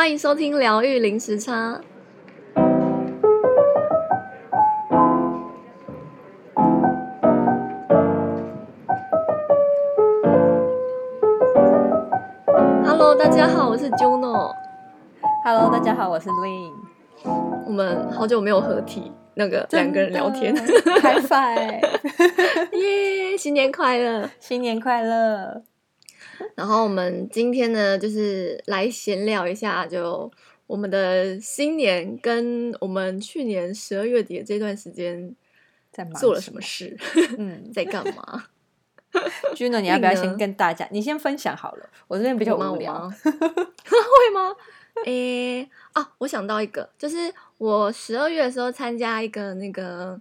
歡迎收聽療癒零時差。 Hello，大家好，我是 Juno。Hello，大家好，我是 Lynn。我們好久沒有合體，那個兩個人聊天，High five。耶，新年快樂， 新年快樂。 然後我們今天呢，就是來閒聊一下，就我們的新年跟我們去年十二月底的這段時間在做了什麼事？麼嗯， 在幹嘛？Juno，u 你要不要先跟大家 你先分享好了？我這邊比較忙嗎？我嗎 會嗎？哎啊，我想到一個，就是我十二月的時候參加一個那個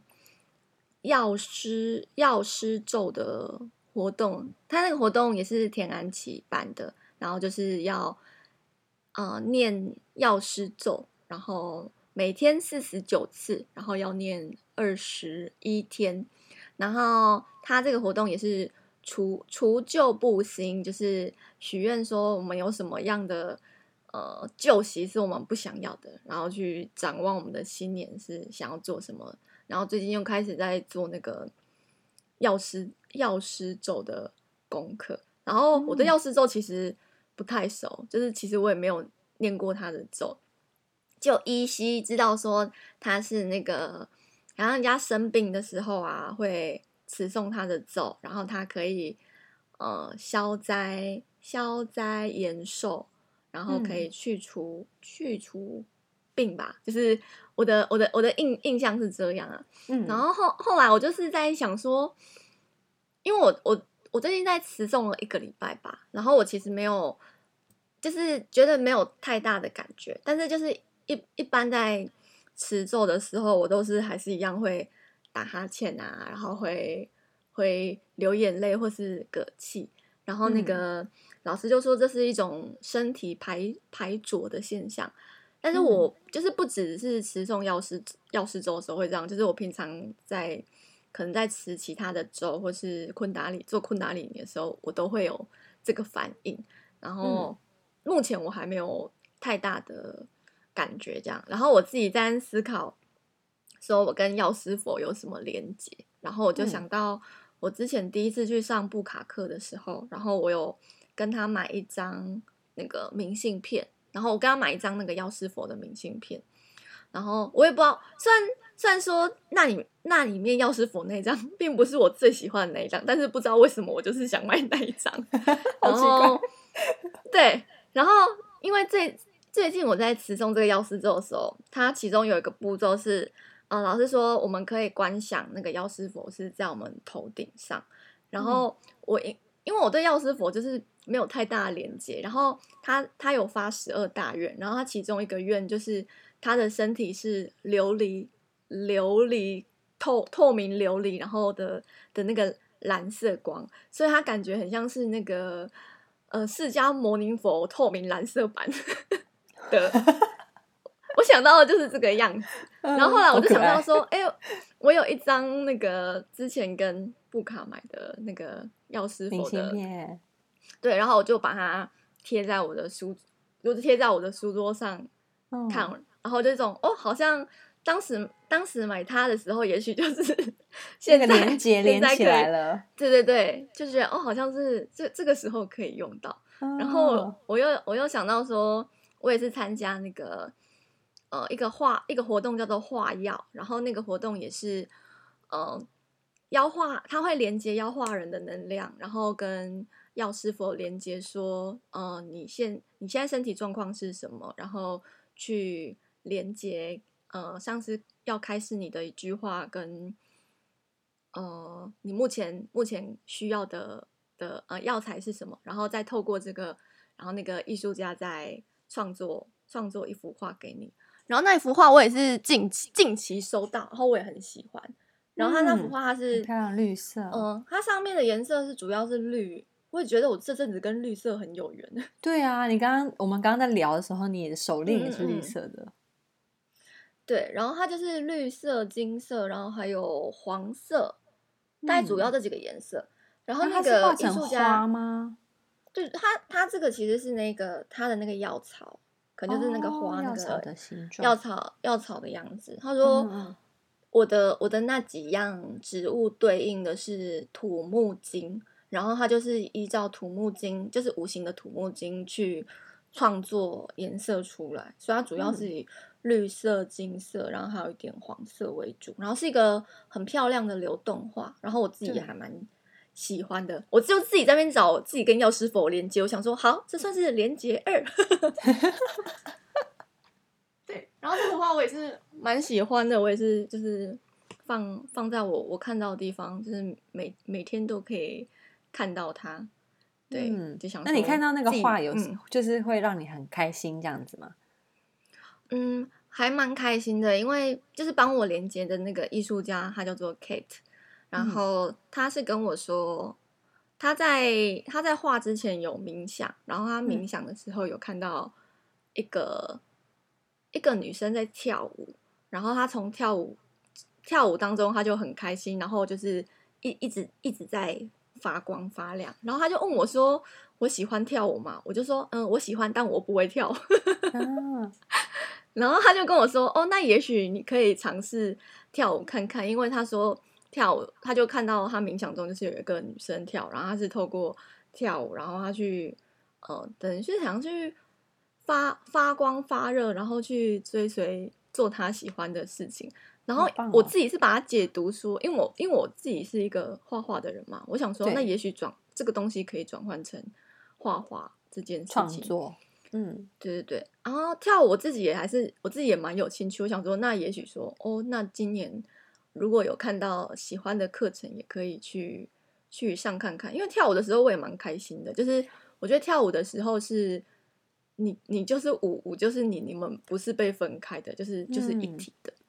藥師藥師咒的。活動，他那個活動也是田安琪辦的，然後就是要、呃、念藥師咒，然後每天四十九次，然後要念二十一天。然後他這個活動也是除除舊佈新，就是許願說我們有什麼樣的呃舊習是我們不想要的，然後去展望我們的新年是想要做什麼。然後最近又開始在做那個藥師。藥師咒的功課，然後我對藥師咒其實不太熟，嗯、就是其實我也沒有念過他的咒，就依稀知道說他是那個，然後人家生病的時候啊，會持誦他的咒，然後他可以呃消災、消災延壽，然後可以去除、嗯、去除病吧，就是我的、我的、我的印印象是這樣啊。嗯、然後後後來我就是在想說。因為我我我最近在持誦了一個禮拜吧，然後我其實沒有，就是覺得沒有太大的感覺。但是就是一一般在持誦的時候，我都是還是一樣會打哈欠啊，然後會會流眼淚或是嗝氣。然後那個、嗯、老師就說這是一種身體排排濁的現象。但是我就是不只是持誦藥師藥師咒的時候會這樣，就是我平常在。可能在持其他的咒或是昆達里做昆達里的時候，我都會有這個反應。然後目前我還沒有太大的感覺，這樣。然後我自己在思考，說我跟藥師佛有什麼連接？然後我就想到，我之前第一次去上布卡克的時候，然後我有跟他買一張那個明信片，然後我跟他買一張那個藥師佛的明信片。然後我也不知道，雖然雖然說那裡，那裡面藥師佛那一張並不是我最喜歡的那一張，但是不知道為什麼我就是想買那一張， 後 好奇怪對，然後因為最最近我在持誦這個藥師咒的時候，它其中有一個步驟是，呃，老師說我們可以觀想那個藥師佛是在我們頭頂上。然後我因、嗯、因為我對藥師佛就是沒有太大的連接，然後他他有發十二大願，然後他其中一個願就是。他的身體是琉璃，琉璃透透明琉璃，然後的的那個藍色光，所以他感覺很像是那個呃釋迦牟尼佛透明藍色版的。 我想到的就是這個樣子， 然後後來我就想到說，哎、嗯欸，我有一張那個之前跟布卡買的那個藥師佛的，對，然後我就把它貼在我的書，就是貼在我的書桌上、嗯、看。然後就這種哦，好像當時當時買它的時候，也許就是現在連接連起來了。對對對，就是哦，好像是這這個時候可以用到。然後我又我又想到說，我也是參加那個呃一個畫一個活動叫做畫藥，然後那個活動也是嗯，要、呃、畫，他會連接要畫人的能量，然後跟藥師佛連接說，說呃，你現你現在身體狀況是什麼，然後去。連結呃，像是要開始你的一句話跟，跟呃，你目前目前需要的的呃藥材是什麼？然後再透過這個，然後那個藝術家再創作創作一幅畫給你。然後那一幅畫我也是近期近期收到，然後我也很喜歡。嗯、然後它那幅畫它是漂亮綠色，嗯、呃，它上面的顏色是主要是綠。我也覺得我這陣子跟綠色很有緣。對啊，你剛剛我們剛剛在聊的時候，你的手鏈也是綠色的。嗯嗯對，然後它就是綠色、金色，然後還有黃色，嗯、大概主要這幾個顏色。然後那個藝術家、嗯、是嗎？對，它它這個其實是那個它的那個藥草，可能就是那個花那個藥草、哦、藥草的，的樣子。他說，我的，嗯嗯我，的我的那幾樣植物對應的是土木金，然後它就是依照土木金，就是五行的土木金去創作顏色出來，所以它主要是以。嗯綠色、金色，然後還有一點黃色為主，然後是一個很漂亮的流動畫，然後我自己也還蠻喜歡的。對我就自己在那邊找自己跟藥師佛連接，我想說好，這算是連接二。 對，然後這幅畫我也是蠻喜歡的，我也是就是放放在我我看到的地方，就是每每天都可以看到它。對，嗯、就想那你看到那個畫有，嗯、就是會讓你很開心這樣子嗎？嗯，還蠻開心的，因為就是幫我連接的那個藝術家，他叫做 Kate，然後他是跟我說，嗯、他在他在畫之前有冥想，然後他冥想的時候有看到一個、嗯、一個女生在跳舞，然後他從跳舞跳舞當中他就很開心，然後就是一一直一直在發光發亮，然後他就問我說：“我喜歡跳舞嘛？”我就說：“嗯，我喜歡，但我不會跳。 啊”然後他就跟我說：“哦，那也許你可以嘗試跳舞看看，因為他說跳舞，他就看到他冥想中就是有一個女生跳，然後他是透過跳舞，然後他去，呃，等於是想去發發光發熱，然後去追隨做他喜歡的事情。然後我自己是把它解讀說，啊、因為我因為我自己是一個畫畫的人嘛，我想說那也許轉對這個東西可以轉換成畫畫這件事情創作。”嗯，對對對，然後，啊，跳舞我自己也還是我自己也蠻有興趣。我想說，那也許說，哦，那今年如果有看到喜歡的課程，也可以去去上看看。因為跳舞的時候我也蠻開心的，就是我覺得跳舞的時候是你，你你就是舞，舞就是你，你們不是被分開的，就是就是一體的。嗯、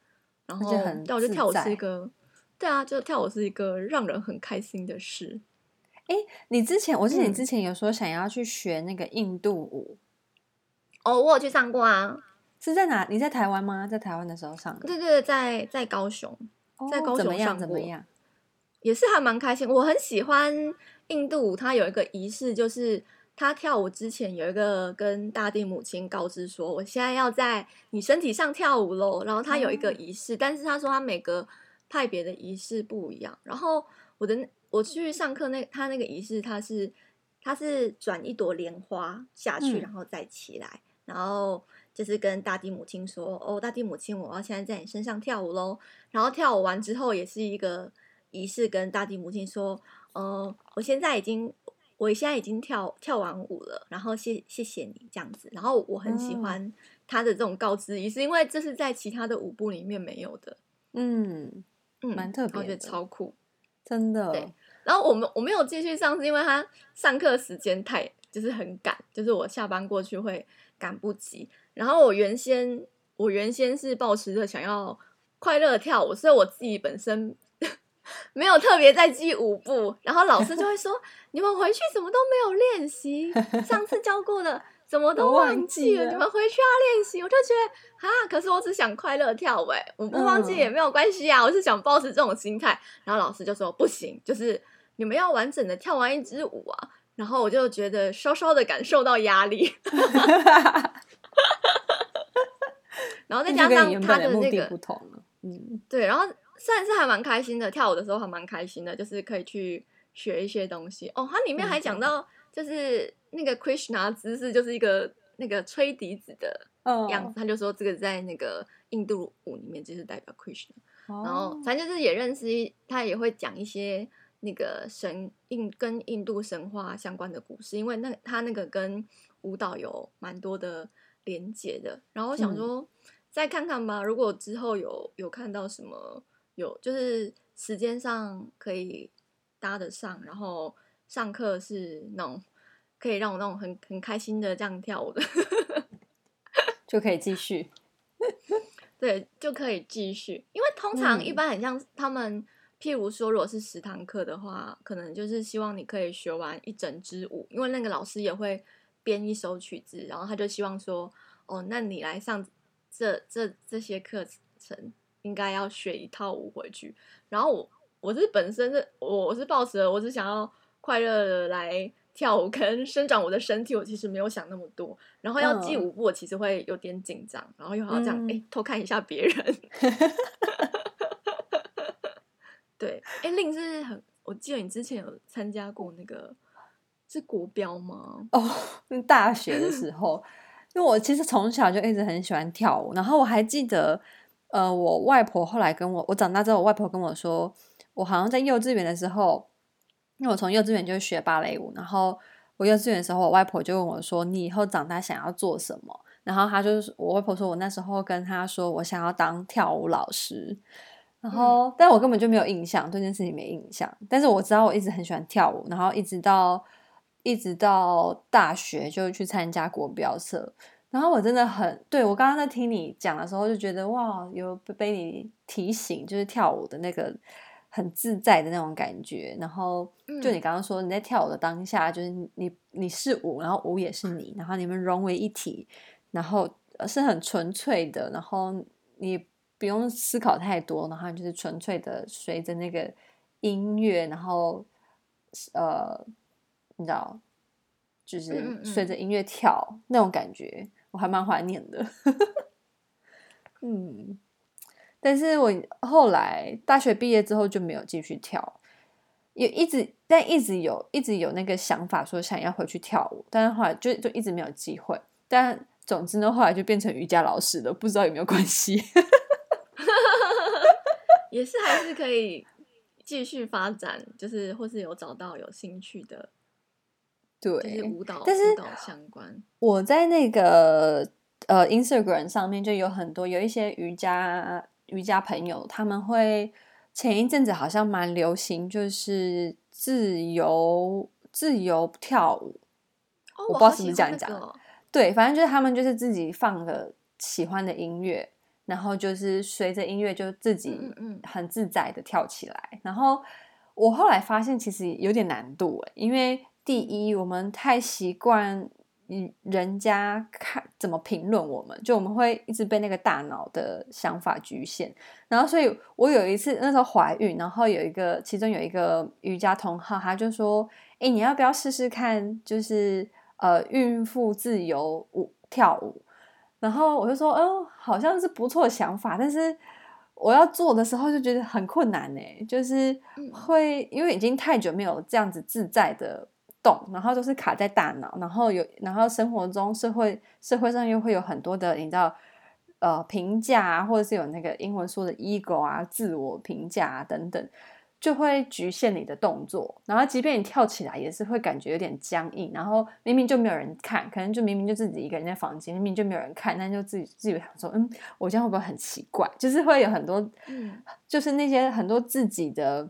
然後，很，但我覺得跳舞是一個，對啊，就跳舞是一個讓人很開心的事。哎，你之前我記得你之前有說想要去學那個印度舞。哦、我我有去上過啊，是在哪？你在台灣嗎？在台灣的時候上？對對，在在高雄，在高雄上、哦、怎麼樣？怎麼樣也是還蠻開心。我很喜歡印度舞他有一個儀式，就是他跳舞之前有一個跟大地母親告知說：“我現在要在你身體上跳舞嘍。”然後他有一個儀式，嗯、但是他說他每個派別的儀式不一樣。然後我的我去上課那他那個儀式，他是他是轉一朵蓮花下去，嗯、然後再起來。然後就是跟大地母親說：“哦，大地母親，我要現在在你身上跳舞嘍。”然後跳舞完之後，也是一個儀式，跟大地母親說：“嗯、呃，我現在已經，我現在已經跳跳完舞了，然後謝謝謝你這樣子。”然後我很喜歡他的這種告知儀式，因為這是在其他的舞步裡面沒有的。嗯，嗯，蠻特別的，我覺得超酷，真的。對。然後我們我沒有繼續上，是因為他上課時間太就是很趕，就是我下班過去會。趕不及。然後我原先，我原先是抱持着想要快樂跳舞，所以我自己本身沒有特別在記舞步。然後老師就會說：“ 你們回去怎麼都沒有練習？上次教過的怎麼都忘記了？記了你們回去要練習。”我就覺得啊，可是我只想快樂跳舞，我不忘記也沒有關係啊。嗯、我是想抱持這種心態。然後老師就說：“不行，就是你們要完整的跳完一支舞啊。”然後我就覺得稍稍的感受到壓力， 然後再加上他的那個，嗯，對，然後算是還蠻開心的，跳舞的時候還蠻開心的，就是可以去學一些東西。哦，它裡面還講到，就是那個 Krishna 的姿勢就是一個那個吹笛子的樣子，他就說這個在那個印度舞裡面就是代表 Krishna，然後反正就是也認識一，他也會講一些。那個神印，跟印度神話相關的故事，因為那他那個跟舞蹈有蠻多的連結的，然後我想說、嗯、再看看吧。如果之後有有看到什麼，有就是時間上可以搭得上，然後上課是那種可以讓我那種很很開心的這樣跳舞的， 就可以繼續。 對，就可以繼續，因為通常一般很像他們。嗯譬如說，如果是十堂課的話，可能就是希望你可以學完一整支舞，因為那個老師也會編一首曲子，然後他就希望說，哦，那你來上這這這些課程，應該要學一套舞回去。然後我我是本身是我是抱 o s 我是想要快樂的來跳舞，跟生長我的身體，我其實沒有想那麼多。然後要記舞步，我其實會有點緊張，嗯、然後又要這樣哎、欸、偷看一下別人。 對，哎，Lynn 是，是很，我記得你之前有參加過那個是國標嗎？哦，oh, 大學的時候， 因為我其實從小就一直很喜歡跳舞，然後我還記得，呃，我外婆後來跟我，我長大之後，我外婆跟我說，我好像在幼稚園的時候，因為我從幼稚園就學芭蕾舞，然後我幼稚園的時候，我外婆就問我說，你以後長大想要做什麼？然後她就是我外婆說，我那時候跟她說，我想要當跳舞老師。然後，嗯、但我根本就沒有印象，對那件事情沒印象。但是我知道，我一直很喜歡跳舞，然後一直到一直到大學就去參加國標社。然後我真的很，對，我剛剛在聽你講的時候，就覺得哇，有被你提醒，就是跳舞的那個很自在的那種感覺。然後，就你剛剛說你在跳舞的當下，就是你你是舞，然後舞也是你，嗯、然後你們融為一體，然後是很純粹的，然後你。不用思考太多，然後就是純粹的隨着那個音樂，然後呃，你知道，就是隨着音樂跳那種感覺，我還蠻懷念的。 嗯，但是我後來大學畢業之後就沒有繼續跳，也一直但一直有一直有那個想法說想要回去跳舞，但是後來就就一直沒有機會。但總之呢，後來就變成瑜伽老師了，不知道有沒有關係。 也是，還是可以繼續發展，就是或是有找到有興趣的，對舞蹈，但是舞蹈相關，我在那個呃 Instagram 上面就有很多有一些瑜伽瑜伽朋友，他們會前一陣子好像蠻流行，就是自由自由跳舞，哦，我好喜歡那個、我不知道怎麼講講，對，反正就是他們就是自己放了喜歡的音樂。然後就是隨着音樂，就自己很自在的跳起來。嗯嗯，然後我後來發現，其實有點難度，因為第一，我們太習慣，嗯，人家看怎麼評論我們，就我們會一直被那個大腦的想法侷限。然後，所以我有一次那時候懷孕，然後有一個其中有一個瑜伽同好，他就說：“哎，你要不要試試看？就是呃，孕婦自由舞跳舞。”然後我就說，嗯、哦，好像是不錯的想法，但是我要做的時候就覺得很困難呢，就是會因為已經太久沒有這樣子自在的動，然後就是卡在大腦，然後有然後生活中社會社會上又會有很多的你知道，呃，評價啊，或者是有那個英文說的 ego 啊，自我評價啊，等等。就會侷限你的動作，然後即便你跳起來，也是會感覺有點僵硬。然後明明就沒有人看，可能就明明就自己一個人在房間，明明就沒有人看，但就自己自己想說：“嗯，我這樣會不會很奇怪？”就是會有很多，就是那些很多自己的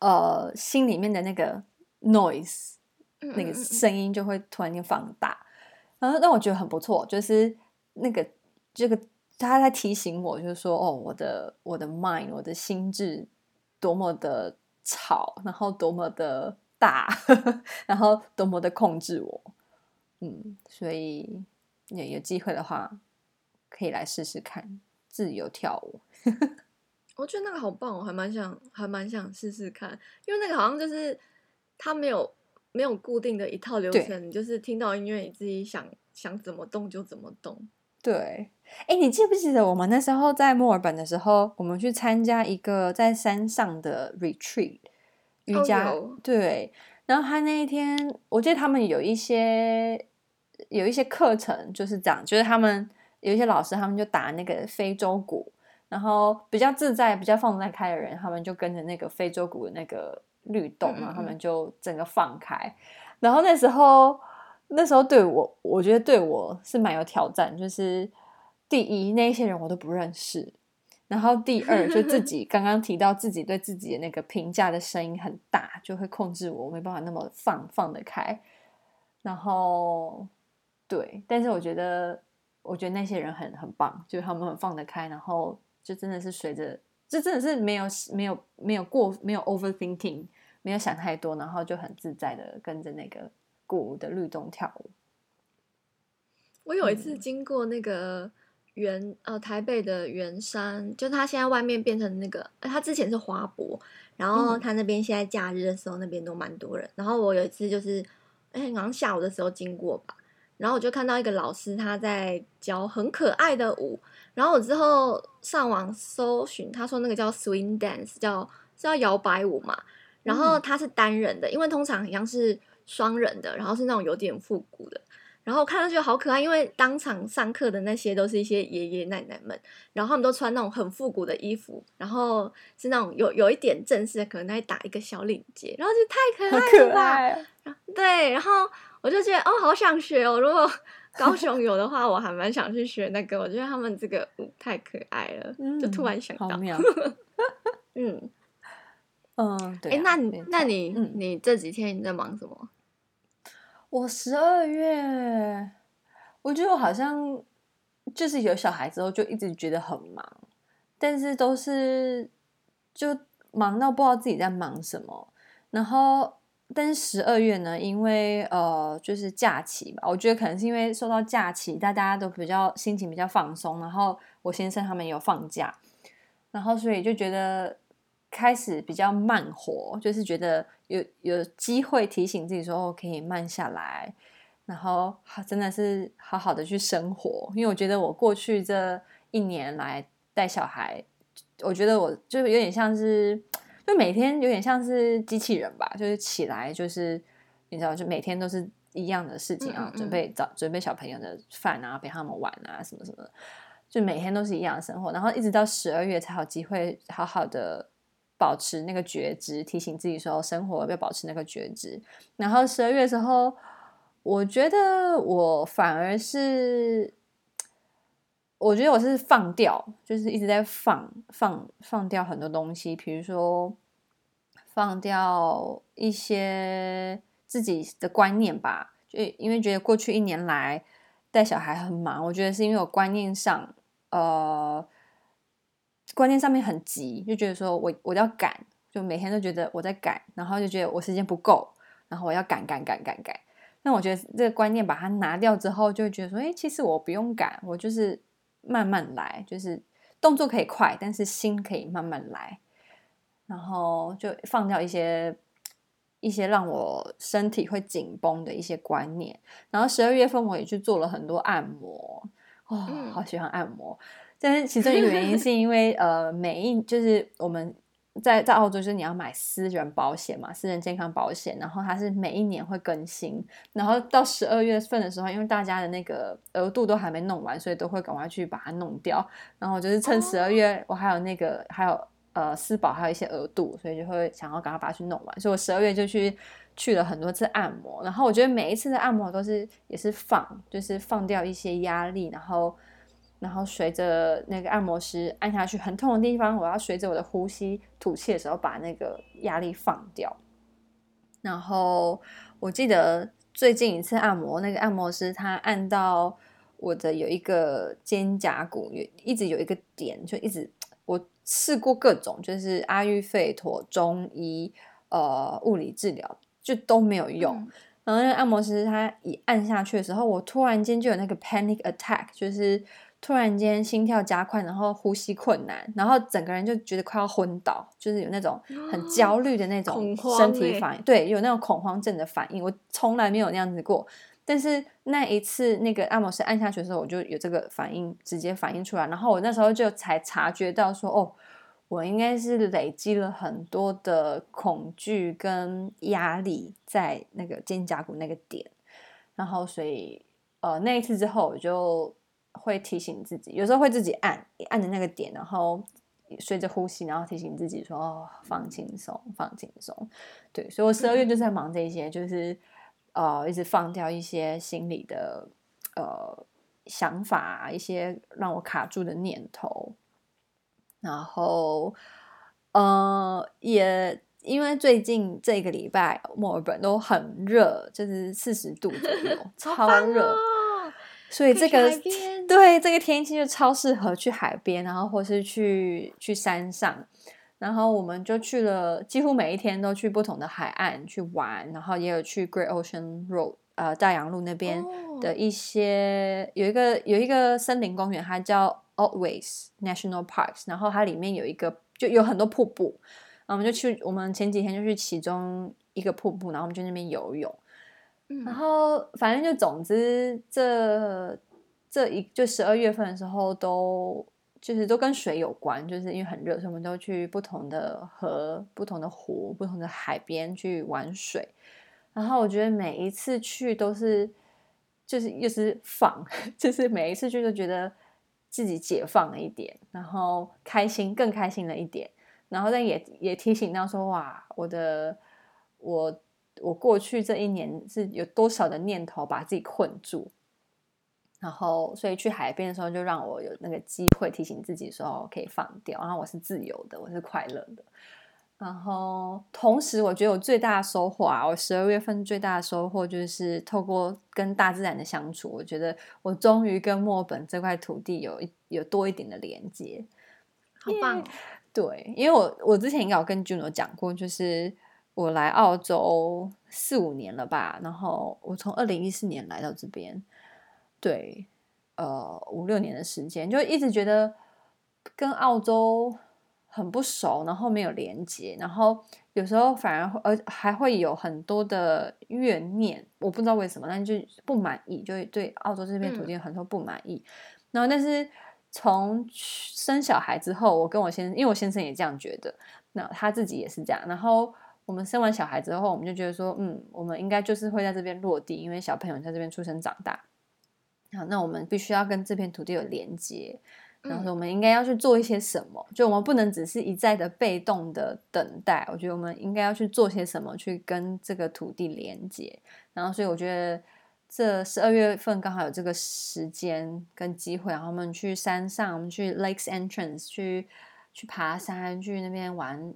呃心裡面的那個 noise，那個聲音就會突然間放大。然後但我覺得很不錯，就是那個這個他在提醒我，就是說：“哦，我的我的 mind，我的心智。”多麼的吵，然後多麼的大，呵呵，然後多麼的控制我，嗯，所以有有機會的話，可以來試試看自由跳舞。我覺得那個好棒哦，我還蠻想還蠻想試試看，因為那個好像就是他沒有沒有固定的一套流程，對你就是聽到音樂你自己想想怎麼動就怎麼動。對，哎，你記不記得我們那時候在墨爾本的時候，我們去參加一個在山上的 retreat 瑜伽，oh yeah. 對。然後他那一天，我記得他們有一些有一些課程就是這樣，就是他們有一些老師，他們就打那個非洲鼓，然後比較自在、比較放得開的人，他們就跟着那個非洲鼓的那個律動嘛、啊，他們就整個放開。然後那時候。那時候對我，我覺得對我是蠻有挑戰。就是第一，那些人我都不認識；然後第二，就自己剛剛提到自己對自己的那個評價的聲音很大，就會控制我，我沒辦法那麼放放得開。然後，對，但是我覺得，我覺得那些人很很棒，就是他們很放得開，然後就真的是隨着，就真的是沒有沒有沒有過沒有 overthinking，沒有想太多，然後就很自在的跟着那個。鼓的律動跳舞。我有一次經過那個圓呃台北的圓山，就他現在外面變成那個，他之前是花博，然後他那邊現在假日的時候那邊都蠻多人。然後我有一次就是哎、欸、好像下午的時候經過吧，然後我就看到一個老師他在教很可愛的舞，然後我之後上網搜尋，他說那個叫 Swing Dance，叫叫搖擺舞嘛，然後他是單人的，嗯、因為通常一樣是。雙人的，然後是那種有點復古的，然後看上去就好可愛。因為當場上課的那些都是一些爺爺奶奶們，然後他們都穿那種很復古的衣服，然後是那種有有一點正式的，可能他會打一個小領結，然後就太可愛了吧。愛啊、對，然後我就覺得哦，好想學哦。如果高雄有的話， 我還蠻想去學那個。我覺得他們這個舞，嗯、太可愛了，就突然想到。嗯嗯，哎，那你錯那你、嗯、你這幾天你在忙什麼？我十二月，我覺得我好像就是有小孩之後就一直覺得很忙，但是都是就忙到不知道自己在忙什麼。然後，但是十二月呢，因為呃，就是假期吧，我覺得可能是因為受到假期，大家都比較心情比較放鬆。然後我先生他們也有放假，然後所以就覺得。開始比較慢活，就是覺得有有機會提醒自己說，哦，可以慢下來，然後真的是好好的去生活。因為我覺得我過去這一年來帶小孩，我覺得我就有點像是，就每天有點像是機器人吧，就是起來就是你知道，就每天都是一樣的事情啊，嗯嗯，準備早，準備小朋友的飯啊，陪他們玩啊，什麼什麼，就每天都是一樣的生活。然後一直到十二月才有機會好好的。保持那個覺知，提醒自己說，生活要保持那個覺知。然後十二月的時候，我覺得我反而是，我覺得我是放掉，就是一直在放放放掉很多東西，比如說放掉一些自己的觀念吧，就因為覺得過去一年來帶小孩很忙，我覺得是因為我觀念上，呃。觀念上面很急，就覺得說我我要趕，就每天都覺得我在趕，然後就覺得我時間不夠，然後我要趕趕趕趕趕。那我覺得這個觀念把它拿掉之後，就覺得說，誒，其實我不用趕，我就是慢慢來，就是動作可以快，但是心可以慢慢來。然後就放掉一些一些讓我身體會緊繃的一些觀念。然後十二月份我也去做了很多按摩，哇，嗯，好喜歡按摩。但是其中一個原因是因為， 呃，每一就是我們在在澳洲，就是你要買私人保險嘛，私人健康保險，然後它是每一年會更新，然後到十二月份的時候，因為大家的那個額度都還沒弄完，所以都會趕快去把它弄掉。然後我就是趁十二月，我還有那個、oh. 還有呃私保還有一些額度，所以就會想要趕快把它去弄完。所以我十二月就去去了很多次按摩，然後我覺得每一次的按摩都是也是放，就是放掉一些壓力，然後。然後隨着那個按摩師按下去很痛的地方，我要隨着我的呼吸吐氣的時候把那個壓力放掉。然後我記得最近一次按摩，那個按摩師他按到我的有一個肩胛骨，有一直有一個點，就一直我試過各種，就是阿育吠陀、中醫、呃物理治療，就都沒有用。嗯。然後那個按摩師他一按下去的時候，我突然間就有那個 panic attack，就是。突然間心跳加快，然後呼吸困難，然後整個人就覺得快要昏倒，就是有那種很焦慮的那種身體反應，對，有那種恐慌症的反應。我從來沒有那樣子過，但是那一次那個按摩師按下去的時候，我就有這個反應直接反應出來，然後我那時候就才察覺到說，哦，我應該是累積了很多的恐懼跟壓力在那個肩胛骨那個點，然後所以呃那一次之後我就。會提醒自己，有時候會自己按按着那個點，然後隨着呼吸，然後提醒自己說：“哦，放輕鬆，放輕鬆。”對，所以我十二月就是在忙這些，嗯、就是、呃、一直放掉一些心裡的呃想法，一些讓我卡住的念頭。然後，呃，也因為最近這個禮拜墨爾本都很熱，就是四十度左右， 超，哦、超熱，所以這個。對，這個天氣就超適合去海邊，然後或是去去山上，然後我們就去了，幾乎每一天都去不同的海岸去玩，然後也有去 Great Ocean Road 呃大洋路那邊的一些、oh. 有一個有一個森林公園，它叫 Otways National Parks，然後它裡面有一個就有很多瀑布，然後我們就去我們前幾天就去其中一個瀑布，然後我們去那邊游泳，然後反正就總之這。這一就十二月份的時候都，都就是都跟水有關，就是因為很熱，所以我們都去不同的河、不同的湖、不同的海邊去玩水。然後我覺得每一次去都是，就是又是放，就是每一次去都覺得自己解放了一點，然後開心更開心了一點。然後但也也提醒到說，哇，我的我我過去這一年是有多少的念頭把自己困住。然後，所以去海邊的時候，就讓我有那個機會提醒自己說，可以放掉，然後我是自由的，我是快樂的。然後，同時我覺得我最大的收穫啊，我十二月份最大的收穫就是透過跟大自然的相處，我覺得我終於跟墨本這塊土地有有多一點的連接。好棒！對，因為我我之前應該有跟 Juno 有講過，就是我來澳洲四五年了吧，然後我從二零一四年來到這邊。對，呃，五六年的時間，就一直覺得跟澳洲很不熟，然後沒有連接，然後有時候反而會呃還會有很多的怨念，我不知道為什麼，但就不滿意，就會對澳洲這片土地很多不滿意。嗯、然後，但是從生小孩之後，我跟我先生，因為我先生也這樣覺得，那他自己也是這樣。然後我們生完小孩之後，我們就覺得說，嗯，我們應該就是會在這邊落地，因為小朋友在這邊出生長大。好，那我們必須要跟這片土地有連接，然後說我們應該要去做一些什麼。嗯、就我們不能只是一再的被動的等待。我覺得我們應該要去做些什麼，去跟這個土地連接。然後，所以我覺得這十二月份剛好有這個時間跟機會，然後我們去山上，我們去 Lakes Entrance，去去爬山，去那邊玩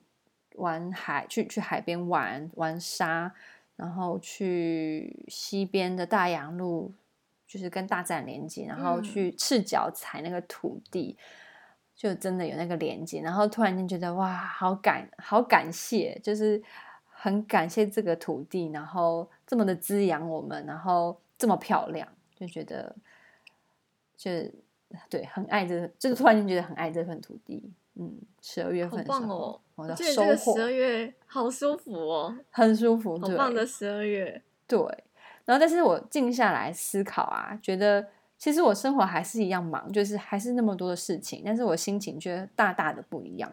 玩海，去去海邊玩玩沙，然後去西邊的大洋路。就是跟大自然連接，然後去赤腳踩那個土地，嗯、就真的有那個連接。然後突然間覺得哇，好感，好感謝，就是很感謝這個土地，然後這麼的滋養我們，然後這麼漂亮，就覺得就對，很愛這，就是突然間覺得很愛這份土地。嗯，十二月份的時候好棒哦，我的收穫這個十二月好舒服哦，很舒服，很棒的十二月，對。然後，但是我靜下來思考啊，覺得其實我生活還是一樣忙，就是還是那麼多的事情，但是我心情卻大大的不一樣。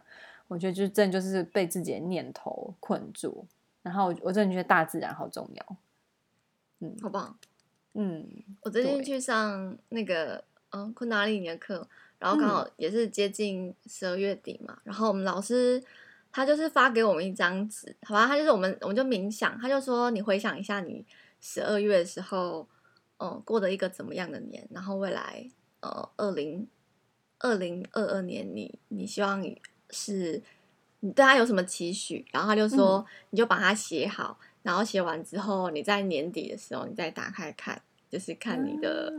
我覺得就真的就是被自己的念頭困住。然後我真的覺得大自然好重要。嗯，好棒好。嗯，我最近去上那個嗯對、哦、昆達里尼的課，然後剛好也是接近十二月底嘛。嗯、然後我們老師他就是發給我們一張紙，好吧，他就是我們我們就冥想，他就說你回想一下你。十二月的時候，哦、嗯，過得一個怎麼樣的年？然後未來，呃、嗯，二零二零二二年你，你你希望你是你對他有什麼期許？然後他就說，你就把它寫好，嗯、然後寫完之後，你在年底的時候你再打開看，就是看你的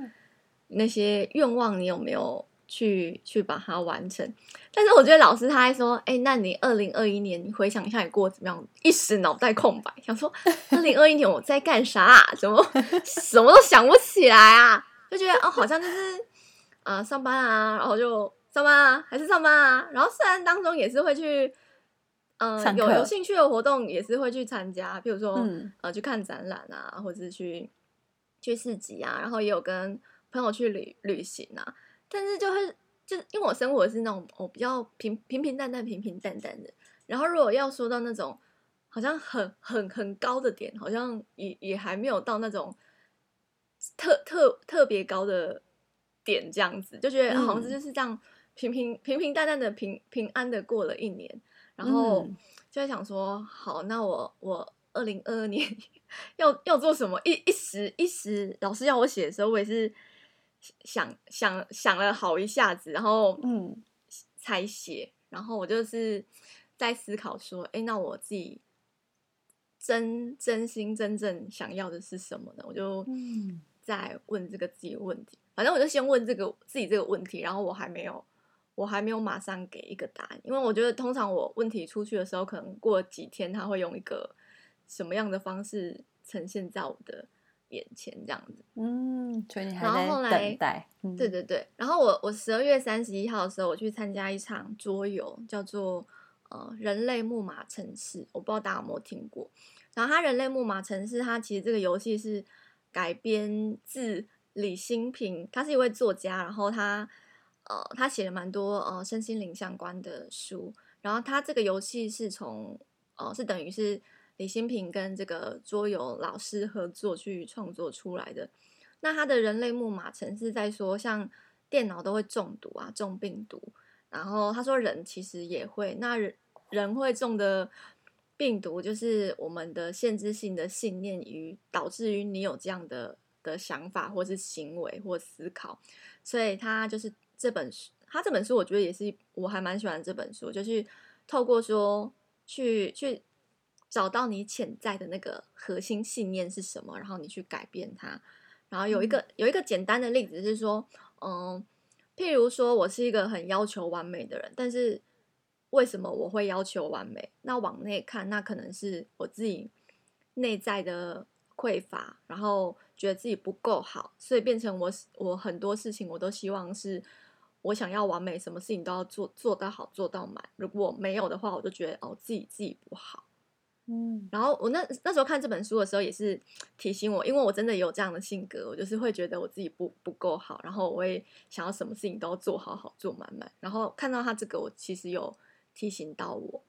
那些願望你有沒有。去去把它完成，但是我覺得老師他還說：“哎、欸，那你二零二一年你回想一下，你過怎麼樣？”一時腦袋空白，想說二零二一年我在幹啥、啊？ 怎麼什麼都想不起來啊？就覺得哦，好像就是啊、呃，上班啊，然後就上班啊，還是上班啊。然後雖然當中也是會去，嗯、呃，課有有興趣的活動也是會去參加，比如說、嗯呃、去看展覽啊，或者是去去市集啊，然後也有跟朋友去旅旅行啊。但是就會就因為我生活是那種我比較平平平淡淡平平淡淡的，然後如果要說到那種好像很很很高的點，好像也也還沒有到那種特特特別高的點這樣子，就覺得好像就是這樣、嗯、平平平平淡淡的平平安的過了一年，然後就在想說好，那我我二零二二年要要做什麼？一一時一時老師要我寫的時候，我也是。想想想了好一下子，然後嗯，才寫。然後我就是在思考說，哎，那我自己真真心真正想要的是什麼呢？我就在問這個自己的問題。反正我就先問這個自己這個問題，然後我還沒有，我還沒有馬上給一個答案，因為我覺得通常我問題出去的時候，可能過幾天他會用一個什麼樣的方式呈現在我的眼前這樣子，嗯，所以你還在等待？然後後來，嗯、對對對。然後我我十二月三十一號的時候，我去參加一場桌遊，叫做呃《人類木馬程式》，我不知道大家有沒有聽過。然後它《人類木馬程式》，它其實這個遊戲是改編自李欣頻，他是一位作家，然後他呃他寫了蠻多呃身心靈相關的書。然後他這個遊戲是從呃是等於是。李新平跟這個桌遊老師合作去創作出來的，那他的人類木馬程式在說，像電腦都會中毒啊，中病毒，然後他說人其實也會，那人人會中的病毒就是我們的限制性的信念，與導致於你有這樣的的想法或是行為或思考，所以他就是這本書，他這本書我覺得也是我還蠻喜歡這本書，就是透過說去去。找到你潛在的那個核心信念是什麼，然後你去改變它。然後有一個有一個簡單的例子就是說，嗯，譬如說我是一個很要求完美的人，但是為什麼我會要求完美？那往內看，那可能是我自己內在的匱乏，然後覺得自己不夠好，所以變成我我很多事情我都希望是，我想要完美，什麼事情都要做做到好做到滿。如果沒有的話，我就覺得哦自己自己不好。嗯，然後我那那時候看這本書的時候，也是提醒我，因為我真的有這樣的性格，我就是會覺得我自己不不夠好，然後我會想要什麼事情都要做好好做滿滿。然後看到他這個，我其實有提醒到我。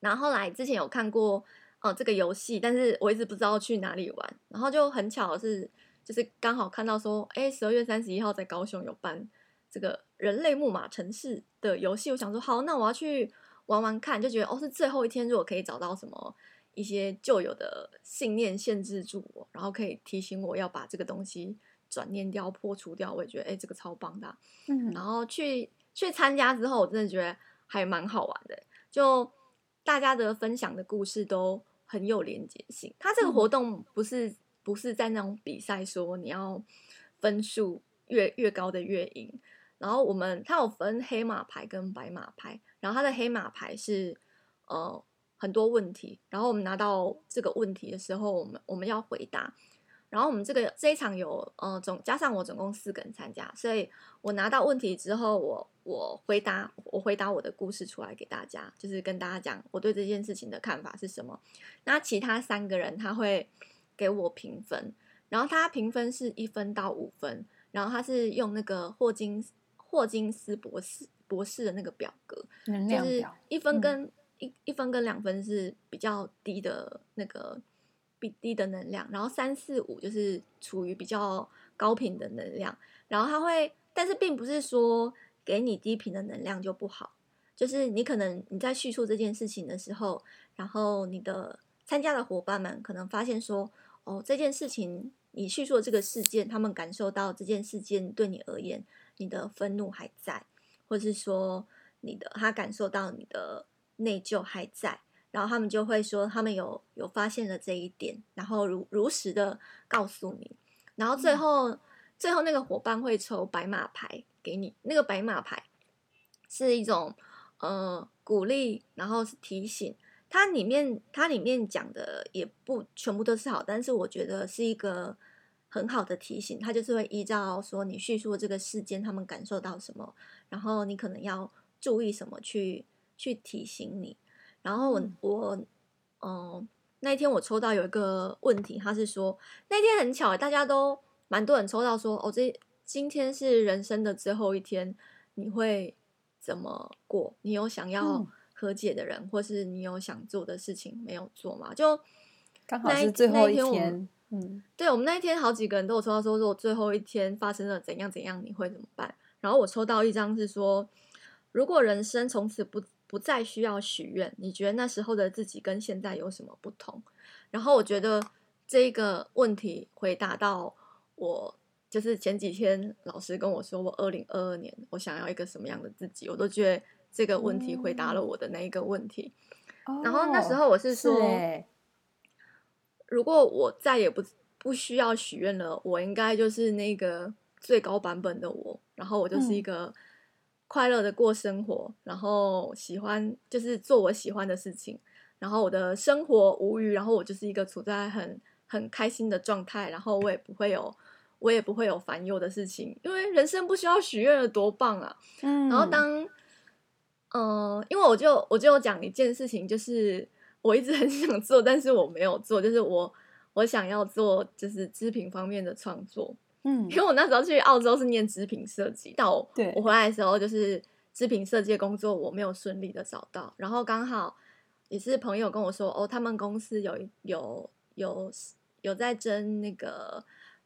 然後後來之前有看過哦、嗯、這個遊戲，但是我一直不知道去哪裡玩。然後就很巧的是，就是剛好看到說，哎，十二月三十一號在高雄有辦這個人類木馬程式的遊戲。我想說，好，那我要去。玩玩看，就覺得哦，是最後一天。如果可以找到什麼一些舊有的信念限制住我，然後可以提醒我要把這個東西轉念掉、破除掉，我也覺得哎、欸，這個超棒的、啊。嗯哼，然後去去參加之後，我真的覺得還蠻好玩的。就大家的分享的故事都很有連結性。他這個活動不是、嗯、哼不是在那種比賽，說你要分數越越高的越贏。然後我們他有分黑馬牌跟白馬牌。然後他的木馬牌是，呃，很多問題。然後我們拿到這個問題的時候，我們我們要回答。然後我們這個這一場有，呃，總加上我總共四個人參加，所以我拿到問題之後我，我我回答，我回答我的故事出來給大家，就是跟大家講我對這件事情的看法是什麼。那其他三個人他會給我評分，然後他評分是一分到五分，然後他是用那個霍金霍金斯博士。博士的那個表格，表就是一分跟、嗯、一一分跟兩分是比較低的那個比低的能量，然後三四五就是處於比較高頻的能量，然後他會，但是並不是說給你低頻的能量就不好，就是你可能你在敘述這件事情的時候，然後你的參加的夥伴們可能發現說，哦，這件事情你敘述的這個事件，他們感受到這件事件對你而言，你的憤怒還在。或是說你的，他感受到你的內疚還在，然後他們就會說他們有有發現了這一點，然後如如實的告訴你，然後最後、嗯、最後那個伙伴會抽白馬牌給你，那個白馬牌是一種呃鼓勵，然後是提醒，它裡面它裡面講的也不全部都是好，但是我覺得是一個很好的提醒，它就是會依照說你敘述這個事件，他們感受到什麼。然後你可能要注意什麼去，去去提醒你。然後我嗯我嗯、呃，那一天我抽到有一個問題，他是說那天很巧，大家都蠻多人抽到說哦，這今天是人生的最後一天，你會怎麼過？你有想要和解的人，嗯、或是你有想做的事情沒有做嗎？就剛好是最後一,一天，嗯，對我們那一天好幾個人都有抽到說，如果最後一天發生了怎樣怎樣，你會怎麼辦？然後我抽到一張是說，如果人生從此不不再需要許願，你覺得那時候的自己跟現在有什麼不同？然後我覺得這個問題回答到我，就是前幾天老師跟我說我二零二二年我想要一個什麼樣的自己，我都覺得這個問題回答了我的那一個問題。Oh, 然後那時候我是說，是耶。如果我再也不不需要許願了，我應該就是那個。最高版本的我，然後我就是一個快樂的過生活，嗯、然後喜歡就是做我喜歡的事情，然後我的生活無虞，然後我就是一個處在很很開心的狀態，然後我也不會有，我也不會有煩憂的事情，因為人生不需要許願有多棒啊！嗯、然後當，嗯、呃，因為我就我就有講一件事情，就是我一直很想做，但是我沒有做，就是我我想要做就是織品方面的創作。嗯，因為我那時候去澳洲是念織品設計，到我，對我回來的時候就是織品設計的工作我沒有順利的找到，然後剛好也是朋友跟我說，哦，他們公司有有有有在徵那個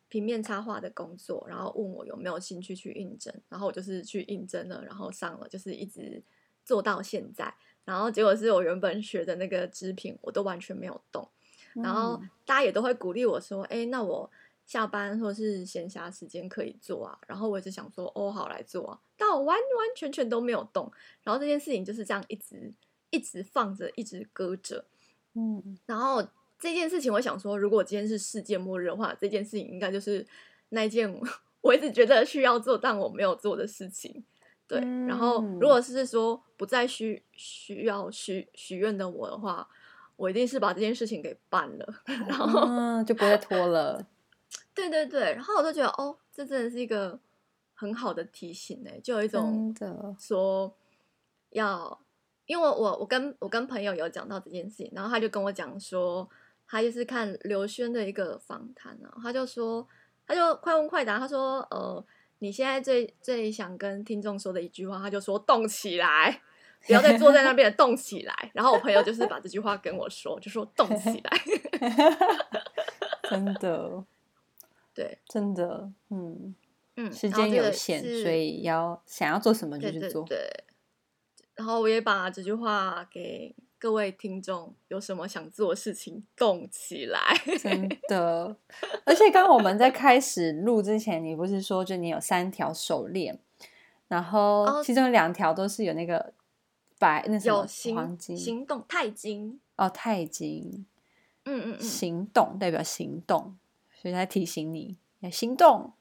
平面插畫的工作，然後問我有沒有興趣去應徵，然後我就是去應徵了，然後上了，就是一直做到現在，然後結果是我原本學的那個織品我都完全沒有動，然後大家也都會鼓勵我說，哎，那我。下班或是閒暇時間可以做啊，然後我一直想說哦好來做，啊，但我完完全全都沒有動。然後這件事情就是這樣一直一直放着，一直擱着，嗯。然後這件事情，我想說，如果今天是世界末日的話，這件事情應該就是那件我一直覺得需要做，但我沒有做的事情。對。嗯、然後，如果是說不再需需要許許願的我的話，我一定是把這件事情給辦了，然後、啊、就不會拖了。 對對對，然後我就覺得哦，這真的是一個很好的提醒呢。就有一種說要，的因為我我跟我跟朋友有講到這件事情，然後他就跟我講說，他就是看劉軒的一個訪談呢，然後他就說他就快問快答，他說呃，你現在最最想跟聽眾說的一句話？他就說動起來，不要再坐在那邊 動起來。然後我朋友就是把這句話跟我說，就說動起來， 真的。對，真的，嗯嗯，時間有限，所以要想要做什麼就去做。對，對，對，然後我也把這句話給各位聽眾：有什麼想做的事情，動起來！真的。而且剛剛我們在開始錄之前， 你不是說就你有三條手鏈，然後其中兩條都是有那個白，那什麼黃金行，行動鈦金哦，鈦金，嗯嗯，嗯行動代表行動。所以他提醒你要行動，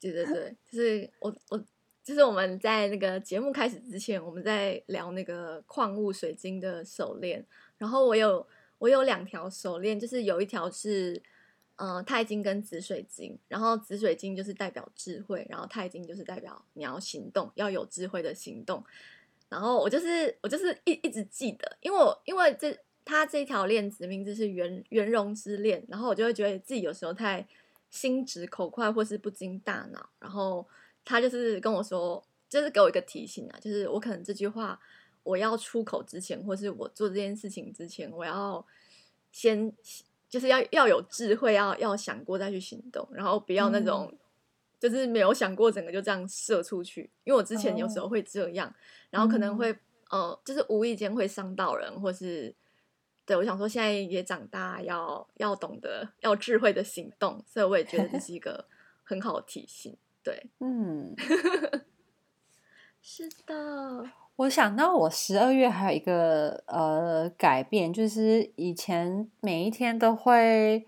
對對對，就是我我就是我們在那個節目開始之前，我們在聊那個礦物水晶的手鏈，然後我有我有兩條手鏈，就是有一條是呃鈦晶跟紫水晶，然後紫水晶就是代表智慧，然後鈦晶就是代表你要行動，要有智慧的行動，然後我就是我就是一一直記得，因為我因為這。他這條鏈子名字，是圓圓融之鏈，然後我就會覺得自己有時候太心直口快，或是不經大腦。然後他就是跟我說，就是給我一個提醒啊，就是我可能這句話我要出口之前，或是我做這件事情之前，我要先就是要要有智慧，要要想過再去行動，然後不要那種、嗯、就是沒有想過，整個就這樣射出去。因為我之前有時候會這樣，哦、然後可能會、嗯、呃，就是無意間會傷到人，或是。對，我想說，現在也長大，要要懂得要智慧的行動，所以我也覺得這是一個很好的提醒。嘿嘿對，嗯， 是的。我想到我十二月還有一個呃改變，就是以前每一天都會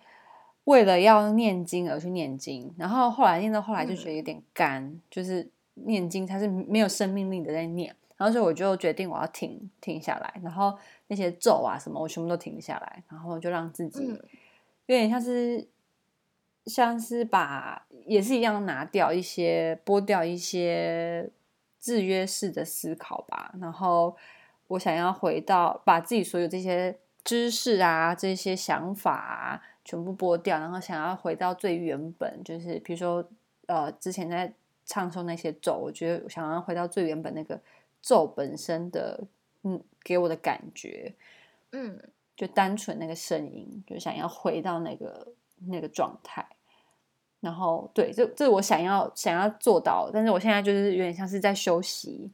為了要念經而去念經，然後後來念到後來就覺得有點乾，嗯、就是念經它是沒有生命力的在念。然後我就決定我要停停下來，然後那些咒啊什麼，我全部都停下來，然後就讓自己，有點像是像是把也是一樣拿掉一些，剝掉一些制約式的思考吧。然後我想要回到把自己所有這些知識啊、這些想法啊全部剝掉，然後想要回到最原本，就是比如說呃之前在唱誦那些咒，我覺得想要回到最原本那個。咒本身的，嗯，給我的感覺，嗯，就單純那個聲音，就想要回到那個那個狀態。然後，對，這這我想要想要做到，但是我現在就是有點像是在休息，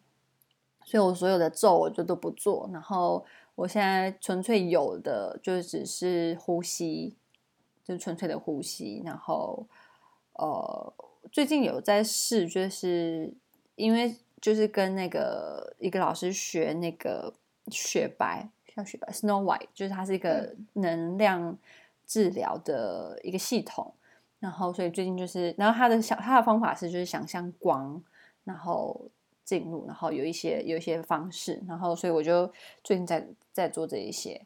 所以我所有的咒我就都不做。然後，我現在純粹有的就只是呼吸，就純粹的呼吸。然後，呃，最近有在試，就是因為。就是跟那個一個老師學那個雪白，叫雪白 （Snow White），就是它是一個能量治療的一個系統。嗯、然後，所以最近就是，然後他的想他的方法是就是想象光，然後進入，然後有一些有一些方式。然後，所以我就最近在在做這一些，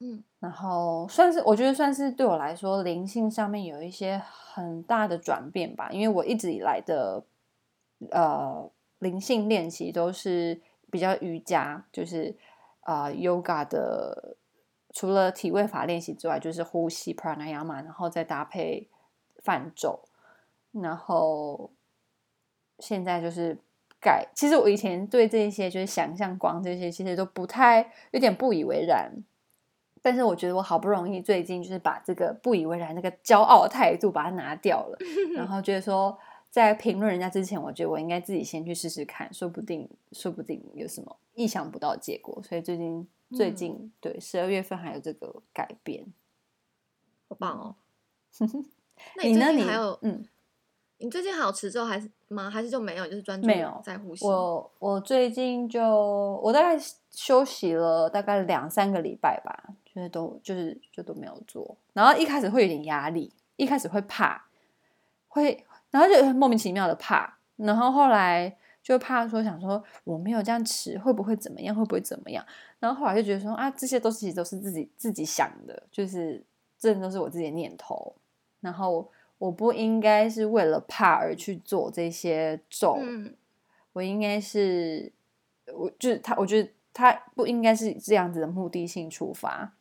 嗯，然後算是我覺得算是對我來說靈性上面有一些很大的轉變吧，因為我一直以來的呃。靈性練習都是比較瑜伽，就是啊、呃、，yoga 的除了體位法練習之外，就是呼吸 pranayama，然後再搭配梵咒，然後現在就是改。其實我以前對這些就是想象光這些，其實都不太有點不以為然。但是我覺得我好不容易最近就是把這個不以為然那個驕傲的態度把它拿掉了，然後覺得說。在評論人家之前，我覺得我應該自己先去試試看，說不定，說不定有什麼意想不到結果。所以最近，嗯、最近對十二月份還有這個改變，好棒哦！你呢，你還有嗯，你最近還有持咒、嗯、還還是嗎？還是就沒有？就是專注沒有在呼吸。我我最近就我大概休息了大概兩三個禮拜吧，就是都就是就都沒有做。然後一開始會有點壓力，一開始會怕會。然後就莫名其妙的怕，然後後來就怕說，想說我沒有這樣持會不會怎麼樣，會不會怎麼樣？然後後來就覺得說，啊這些東西都是自己自己想的，就是這都是我自己的念頭。然後我不應該是為了怕而去做這些咒，嗯、我應該是我就是他，我覺得他不應該是以這樣子的目的性出發。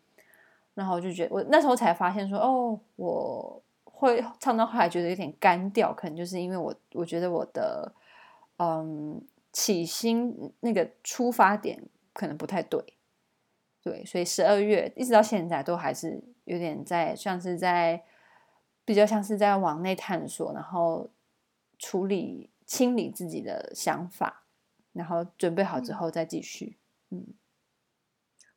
然後我就覺得我那時候才發現說哦我。會唱到後來覺得有點乾掉，可能就是因為我我覺得我的嗯起心那個出發點可能不太對，對，所以十二月一直到現在都還是有點在像是在比較像是在往內探索，然後處理清理自己的想法，然後準備好之後再繼續。嗯，嗯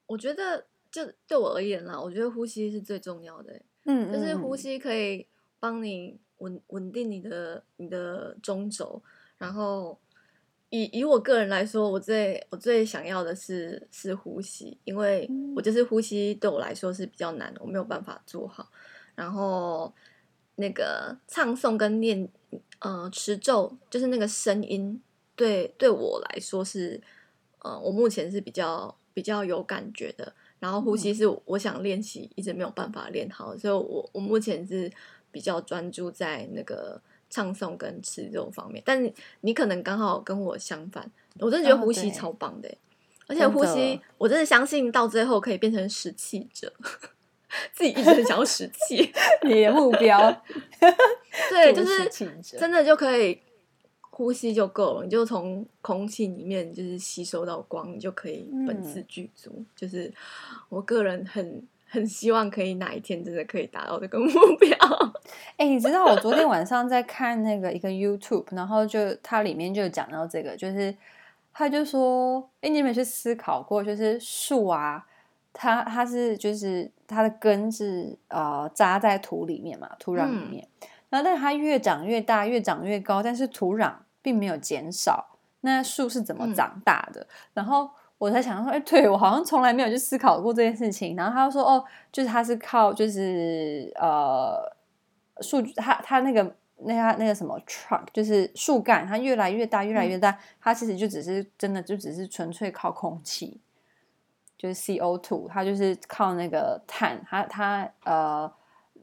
我覺得就對我而言啦，我覺得呼吸是最重要的耶，嗯，就是呼吸可以。幫你穩穩定你的你的中軸，然後以以我個人來說，我最我最想要的是是呼吸，因為我就是呼吸對我來說是比較難，我沒有辦法做好。然後那個唱誦跟念呃持咒，就是那個聲音對對我來說是呃，我目前是比較比較有感覺的。然後呼吸是我想練習，嗯、一直沒有辦法練好，所以我我目前是，比較專注在那個唱誦跟吃這種方面，但你可能剛好跟我相反，我真的覺得呼吸超棒的。欸，哦、對而且呼吸真的我真的相信到最後可以變成食氣者呵呵，自己一直想要食氣。你的目標，對，就是真的就可以呼吸就夠了，你就從空氣裡面就是吸收到光，你就可以本自具足，嗯、就是我個人很。很希望可以哪一天真的可以達到這個目標。哎、欸，你知道我昨天晚上在看那個一個 YouTube， 然後就它裡面就有講到這個，就是他就說，哎、欸，你有沒有去思考過，就是樹啊，它它是就是它的根是呃扎在土裡面嘛，土壤裡面，嗯、然後但是它越長越大，越長越高，但是土壤並沒有減少。那樹是怎麼長大的？嗯、然後。我才想到，哎、欸，對我好像從來沒有去思考過這件事情。然後他就說，哦，就是它是靠，就是呃，樹，它它那個那個那個什麼 trunk，就是樹幹，它越來越大越來越大，它、嗯、其實就只是真的就只是純粹靠空氣，就是 CO two，它就是靠那個碳，它它呃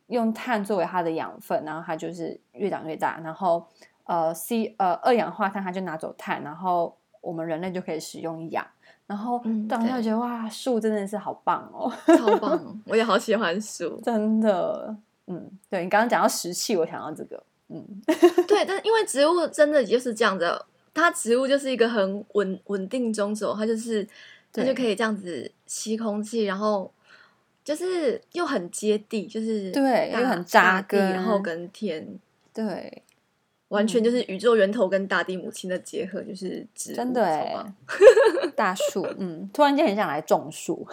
用碳作為它的養分，然後它就是越長越大，然後呃 C 呃二氧化碳它就拿走碳，然後我們人類就可以使用氧。然後當時就覺得哇，樹、嗯、真的是好棒哦， 超棒！我也好喜歡樹，真的。嗯，對你剛剛講到食氣，我想到這個。嗯， 對，但因為植物真的就是這樣子，它植物就是一個很穩穩定中軸，它就是它就可以這樣子吸空氣，對然後就是又很接地，就是對，又很扎根，地然後跟天對。完全就是宇宙源頭跟大地母親的結合，就是、嗯、真的哎，大樹。 嗯，突然間很想來種樹。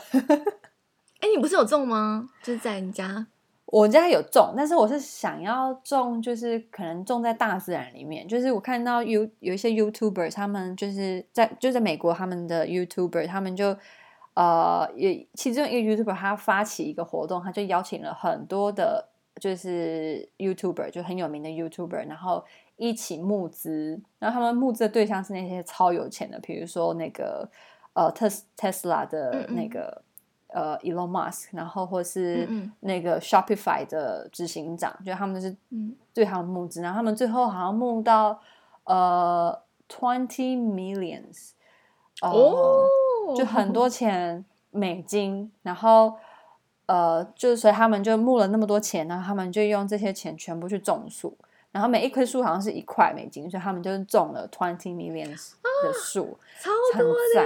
哎， 你不是有種嗎？就是在你家，我家有種，但是我是想要種，就是可能種在大自然裡面。就是我看到有有一些 YouTuber，他們就是在就在美國，他們的 YouTuber，他們就呃，也其中一個 YouTuber 他發起一個活動，他就邀請了很多的，就是 YouTuber，就很有名的 YouTuber，然後。一起募資，然後他們募資的對象是那些超有錢的，比如說那個呃，Tesla 的那個嗯嗯呃，Elon Musk，然後或是那個 Shopify 的執行長，嗯嗯就他們就是最好的募資。然後他們最後好像募到呃 twenty millions，呃、哦，就很多錢美金，然後呃，就是所以他們就募了那麼多錢，然後他們就用這些錢全部去種樹。然後每一棵樹好像是一塊美金，所以他們就是種了 twenty millions 的樹，啊、超多的。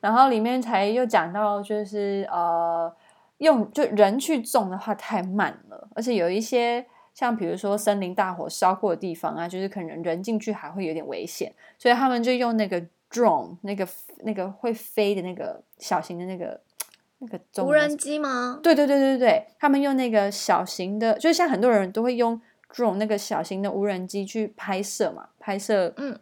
然後裡面才又講到，就是呃，用就人去種的話太慢了，而且有一些像比如說森林大火燒過的地方啊，就是可能人進去還會有點危險，所以他們就用那個 drone，那個那個會飛的那個小型的那個那個無人機嗎？對對對對對，他們用那個小型的，就是像很多人都會用。這種那個小型的無人機去拍攝嘛，拍攝嗯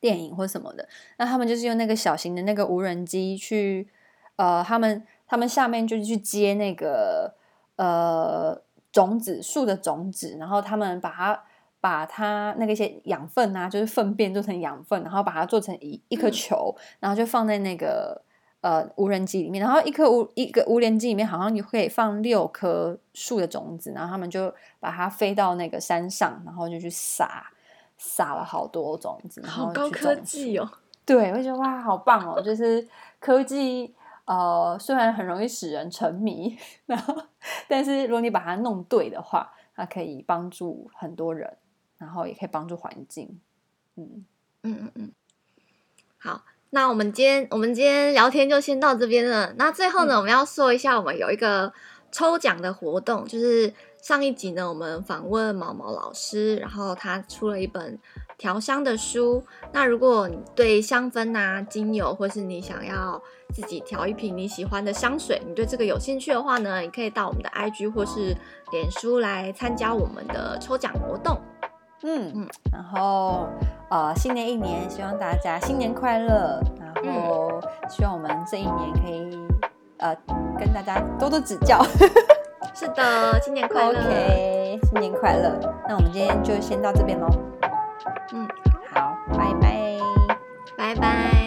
電影或什麼的，那他們就是用那個小型的那個無人機去，呃，他們他們下面就去接那個呃種子樹的種子，然後他們把它把它那個一些養分啊，就是糞便做成養分，然後把它做成一一顆球，然後就放在那個。嗯呃，無人機裡面，然後一顆無一個無人機裡面好像你可以放六棵樹的種子，然後他們就把它飛到那個山上，然後就去撒撒了好多種子。然後去種樹。好高科技哦！對，我覺得哇，好棒哦！就是科技，呃，雖然很容易使人沉迷，然後但是如果你把它弄對的話，它可以幫助很多人，然後也可以幫助環境。嗯嗯嗯嗯，好。那我們今天，我們今天聊天就先到這邊了。那最後呢，嗯、我們要說一下，我們有一個抽獎的活動，就是上一集呢，我們訪問毛毛老師，然後他出了一本調香的書。那如果你對香氛啊、精油，或是你想要自己調一瓶你喜歡的香水，你對這個有興趣的話呢，你可以到我們的 IG 或是臉書來參加我們的抽獎活動。嗯，然後，呃，新的一年，希望大家新年快樂。然後，嗯、希望我們這一年可以，呃，跟大家多多指教。 是的，新年快樂。OK，新年快樂。那我們今天就先到這邊嘍。嗯，好，拜拜。拜拜。